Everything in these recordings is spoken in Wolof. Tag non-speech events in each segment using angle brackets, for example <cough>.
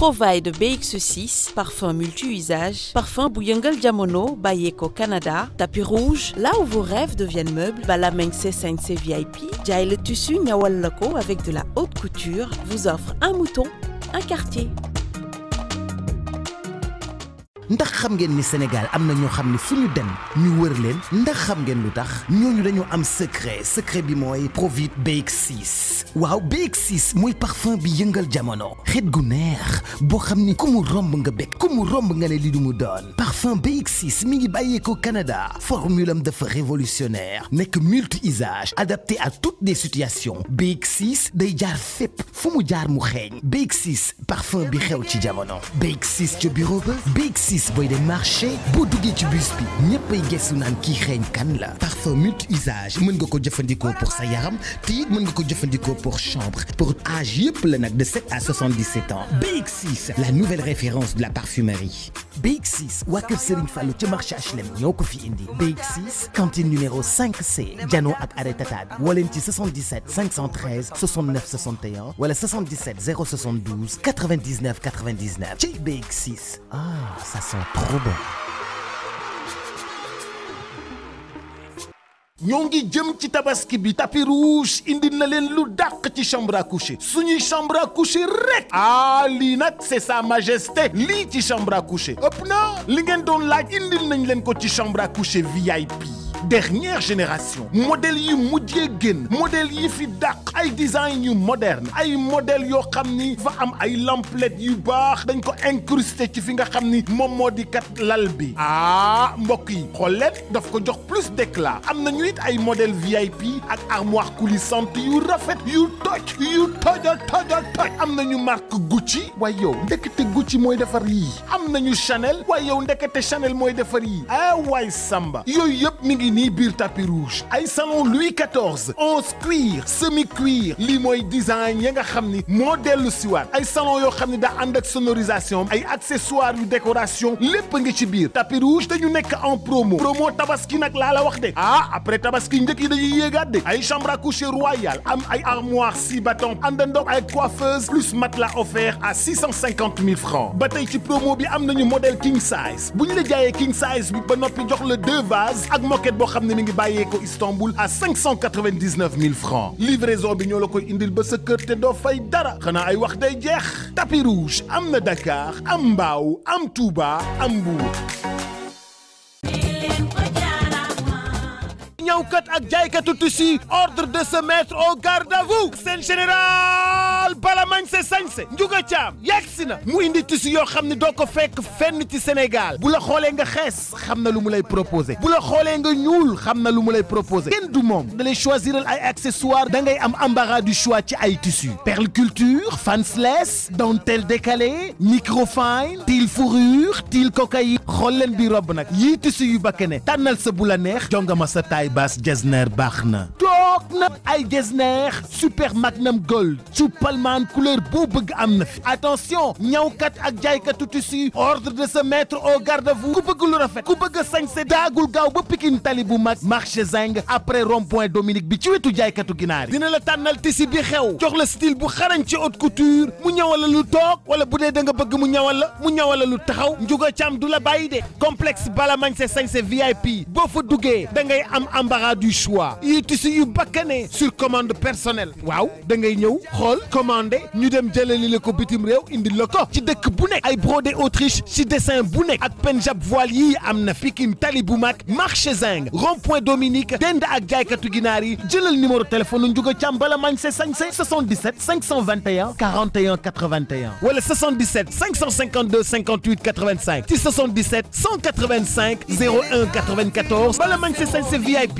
Provide BX6, parfum multi-usage, parfum Bouyangal Diamono, Bayeko Canada, tapis rouge, là où vos rêves deviennent meubles, Balameng C5C VIP, Jail Tussu Loco avec de la haute couture vous offre un mouton, un quartier ndax xam ngeen ni Sénégal am na ñoo xam ne fu ñu dem ñu wër leen ndax xam ngeen lu tax ñooñu dañoo am secret secret bi mooy Provit BX6 waaw BX6 mooy parfum bi yëngal jamono xet gu neex boo xam ni ku mu romb nga bekk ku mu romb nga ne li du mu doon parfum BX6 mi ngi bàyyeekoo Canada formule am dafa révolutionnaire nekk multi-usage adapté à toutes les situations BX6 day jaar fépp fu mu jaar mu xeeñ BX6 parfum bi xew ci jamono BX6 ca bureau ba BX6 artiste booy des marchés, Boudougui duggee ci bus bi ñëppay gëstu kan la parfum multi usage mën nga ko pour sa yaram te it mën nga ko pour chambre pour âge yëpp la de 7 à 77 ans BX6 la nouvelle référence de la parfumerie BX6 waa kër Fallo, Fallou ci HLM fi indi BX6 cantine numéro 5C Djano ak Aretatad Tata 77 513 69 61 wala 77 072 99 99 Chez BX6 ah ça sent trop bon. ñoo ngi jëm ci tabaski bi tapis rouge indi na leen lu dàq ci chambre à coucher suñuy chambre à coucher rek ah lii nag c'est sa majesté lii ci chambre à coucher ëpp na li ngeen doon laaj indil nañ leen ko ci chambre à coucher VIP dernière génération modèle yu mujjee génn modèle yi fi dàq ay design yu moderne ay modèle yo xamni fa am ay lamplettes yu bax, dañ ko incrusté ci fi nga xamni mom modi kat lal bi ah mbok yi xolleet daf ko jox plus d'éclat am nañu it ay modèle VIP ak armoire coulissante yu rafet yu touch yu touch touch touch. am nañu marque Gucci way yow ndekete Gucci moy defar yi. am nañu Chanel way yow ndekete Chanel moy defar yi. ah why Samba yo yep mi ngi nii biir tapis rouge ay salon Louis XIV 11 cuir semi cuir limoi design ya nga Modèle modèle le dellu salon yo da sonorisation ay accessoires ou décoration Les ngi ci tapis rouge dañu nek en promo promo tabaski nag la wax ah après tabaski de yi de yéegaat gade. ay chambre à coucher royal am ay armoire six bâtons àndandoo ay coiffeuse plus matelas offert à 650 000 francs Bataille qui promo bi am nañu modèle king size bu les la king size bi ba noppi jox deux vases ak moquette xam ne mi ngi ko Istanbul à 599 000 francs livraison bi ñolo koy indil ba sa kër te doo fay dara xana ay wax day jeex tapis rouge am Dakar am Mbao am Touba am ñawkat ak jaaykatu ici ordre de se mettre au garde à vous seen général bala mañ se sañse njuga caam yegsi mu indi tissu yoo xam ne ko fekk fenn ci Sénégal bu la xoolee nga xess xamna lu mu lay proposé bu la xoolee nga ñuul xamna lu lay proposé kenn du mom da lay choisir ay accessoires da ngay am embarras du choix ci ay tissu. perle culture fansless dentelle décalée microfine til fourrure til cocaïne xool leen bi rob nak tissu yu bakane tanal sa bu la neex jongama sa basse Getzner baax na. ay super magnum gold cuppalmaan couleur boo amne. am na fi attention ñawkat ak tout ici ordre de se mettre au garde-à-vous ku bëgg lu rafet ku bëgg c'est d'agulga ou pikin tali bu mag après rond-point Dominique bi ci wetu jaaykatu ginaar yi la tànnal tissu bi xew jox style bu xarañ ci haute couture mu ñawal la lu toog wala bu dee da nga bëgg mu ñawal la mu njuga du la de complexe Balaman mañ 5 VIP boo fa duggee da am am l'embarras du choix yi tissu yu bakkanee sur commande personnelle waaw da ngay ñew xol commandé ñu dem li le ko bitim rew indi le ko ci dëkk bu nek ay brodé Autriche ci dessin bu nek ak penjab voile yii am na Pikine tali bu mag marché Zinc rond-point Dominique dend ak jaaykatu ginaar yi numéro téléphone ñu Thiam bala mañse C'est 77 521 41 81 wala 77 552 58 85 ci 77 185 01 94 bala VIP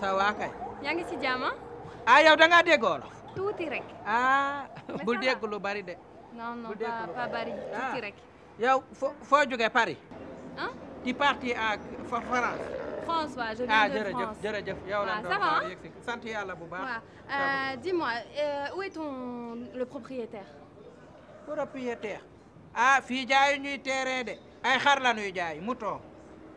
ça va yaa ngi ci jàmm ah yow da ngaa déggoo tuuti rek. ah bul dégg lu bari de. non non pas bari ah. tuuti rek. yow fo foo jógee Paris. ah. di parti à France. France waaw je viens ah, de France ah jërëjëf jërëjëf yow la ah, doon waaw sant yàlla bu baax. waaw euh, dis-moi euh, où est ton le propriétaire. propriétaire fii jaayu ñuy de ay xar la ñuy jaay mouton.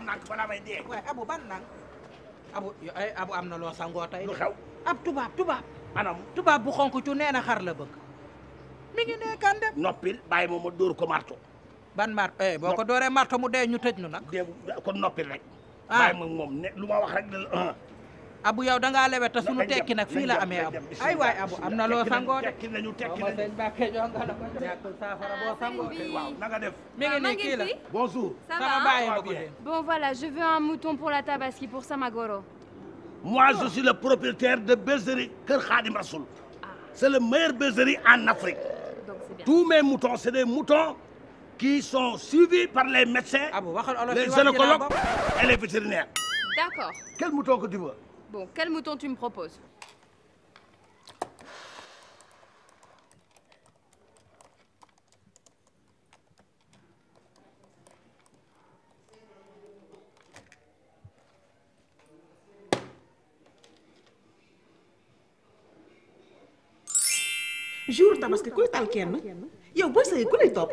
defal nànk balaa may dee. abu ban nang abu ay abu am na loo sangoo tey. lu xew ab tubaab tubaab. anam tubaab bu xonk cu nee na xar la bëgg. mi ngi ne kan def. noppil bàyyi ma dóor ko marto. ban marto eh boo ko dooree marto mu dee ñu tëj ñu nag. dégg kon noppil rek. ah moom lu ma wax rek ne la ah. abu yow dangaa lewe te sunu tekki nag fii la amee abu ay waay abu am na loo sangoo de tekki nañu tekki la ko ñàkkul saafara boo sangoo waaw na def mi ngi nii bonjour bon voilà je veux un mouton pour la tabaski pour Samagoro moi je suis le propriétaire de bergerie Ker Khadim Rasoul c'est le meilleur bergerie en Afrique euh, Donc, bien. tous mes moutons c'est des moutons qui sont suivis par les médecins les gynécologues et les vétérinaires d'accord quel mouton que tu veux Bon, quel mouton tu me proposes jour tabaski kuy tal quoi Yo, quoi c'est quoi les top.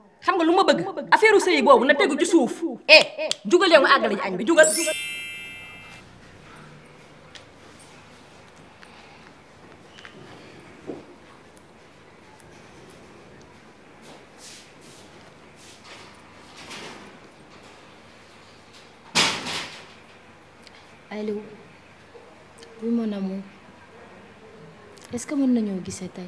xam nga lu ma bëgg affaire sëy boobu na tegu ci suuf eh jugalee nga àggale ji añ bi jugal Allô oui mon amour est-ce que mën nañoo gisee tey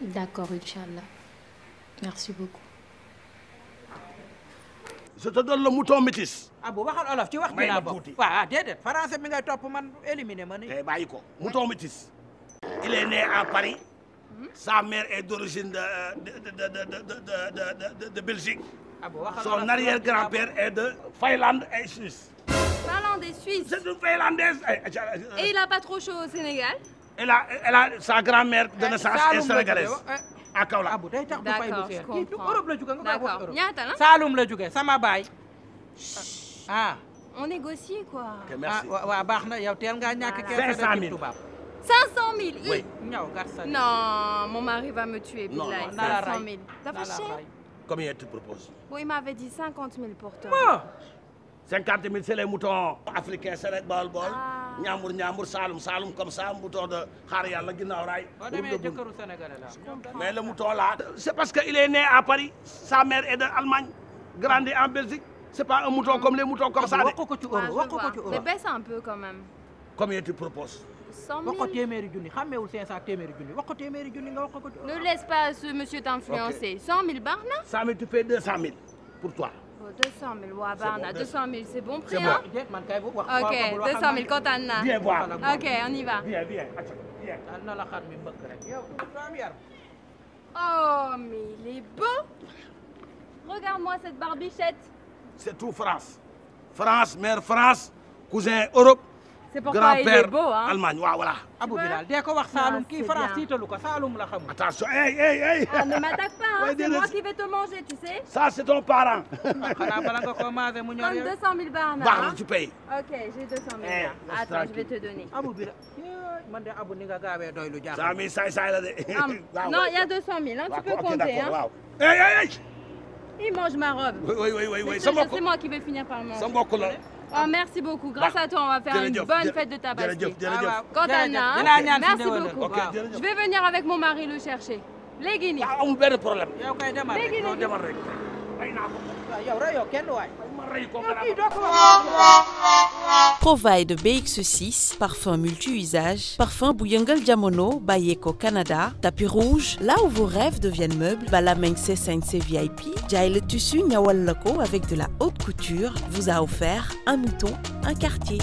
D'accord, Inch'Allah. Merci beaucoup. je te donne le mouton métis. ah bon, waxal olof ci wax là-bas..! Ouais ouais.. français man mouton métis. il est né à Paris. sa mère est d'origine de de de de de de Belgique. ah de son arrière-grand-père est de Finlande et Suisse. Finlande et Suisse. c'est une Finlandaise. et il n'a pas trop chaud au Sénégal elle a elle a sa grand-mère de eh, naissance est sénégalaise eh, eh. à Kaolack. abu day tax du fay bu du Europe la jóge nga koy wax la Saalum sama baay. ah. on négocie quoi. merci ah waaw baax na yow teel ngaa ñàkk. 500000 500000. oui ñaw non mon mari va me tuer. non non nala ray 500000. dafa cher. combien tu proposes. bon il m'avait dit 50 000 pour toi. bon. 50 000 c'est les moutons africains c'est rek bool ah. Niamour comme un mouton de haria mais le mouton là c'est parce qu'il est né à paris sa mère est d'allemagne grandi en belgique ce n'est pas un mouton comme les moutons comme ça mais baisse un peu quand même combien tu proposes 100 000. Ne laisse pas ce monsieur t'influencer. 100 000 barres, non 100 000, tu fais 200 000 pour toi. 200 000 waa 200 000 c'est bon prix hein ok 200 000 Viens voir..! ok on y va. oh mais il est beau. regarde-moi cette barbichette. c'est tout France. France mère France cousin Europe grand-père hein. Allemagne waaw voilà. Abou Bilal dee ko wax ah, Saalum kii France tiitalu ko Saalum la xamul. attention hey hey hey. ah ne m'attaque pas hein, c'est moi qui vais te manger tu sais. ça c'est ton parent. <laughs> xanaa comme 200000 baax hein. na baax tu payes. ok j'ai 200000. Eh, attends je vais te donner. Abou Bilal man de Abou doy lu 100000 la non <laughs> il y a 200000 hein tu peux compter hein. waaw hey hey hey. il mange ma robe. oui oui oui oui. c'est moi qui vais finir par manger. sa la. Ah, merci beaucoup. Grâce bah, à toi, on va faire une bonne fête de tabac. Quand à merci beaucoup. Je vais venir avec mon mari le chercher. Les Guinées. Ah, on a problème. Les Provide BX6, parfum multi-usage, parfum Bouyangal Diamono, Bayeko Canada, tapis rouge, là où vos rêves deviennent meubles, Balameng C5C VIP, Jail Tussu Nyawal Loco avec de la haute couture vous a offert un mouton, un quartier.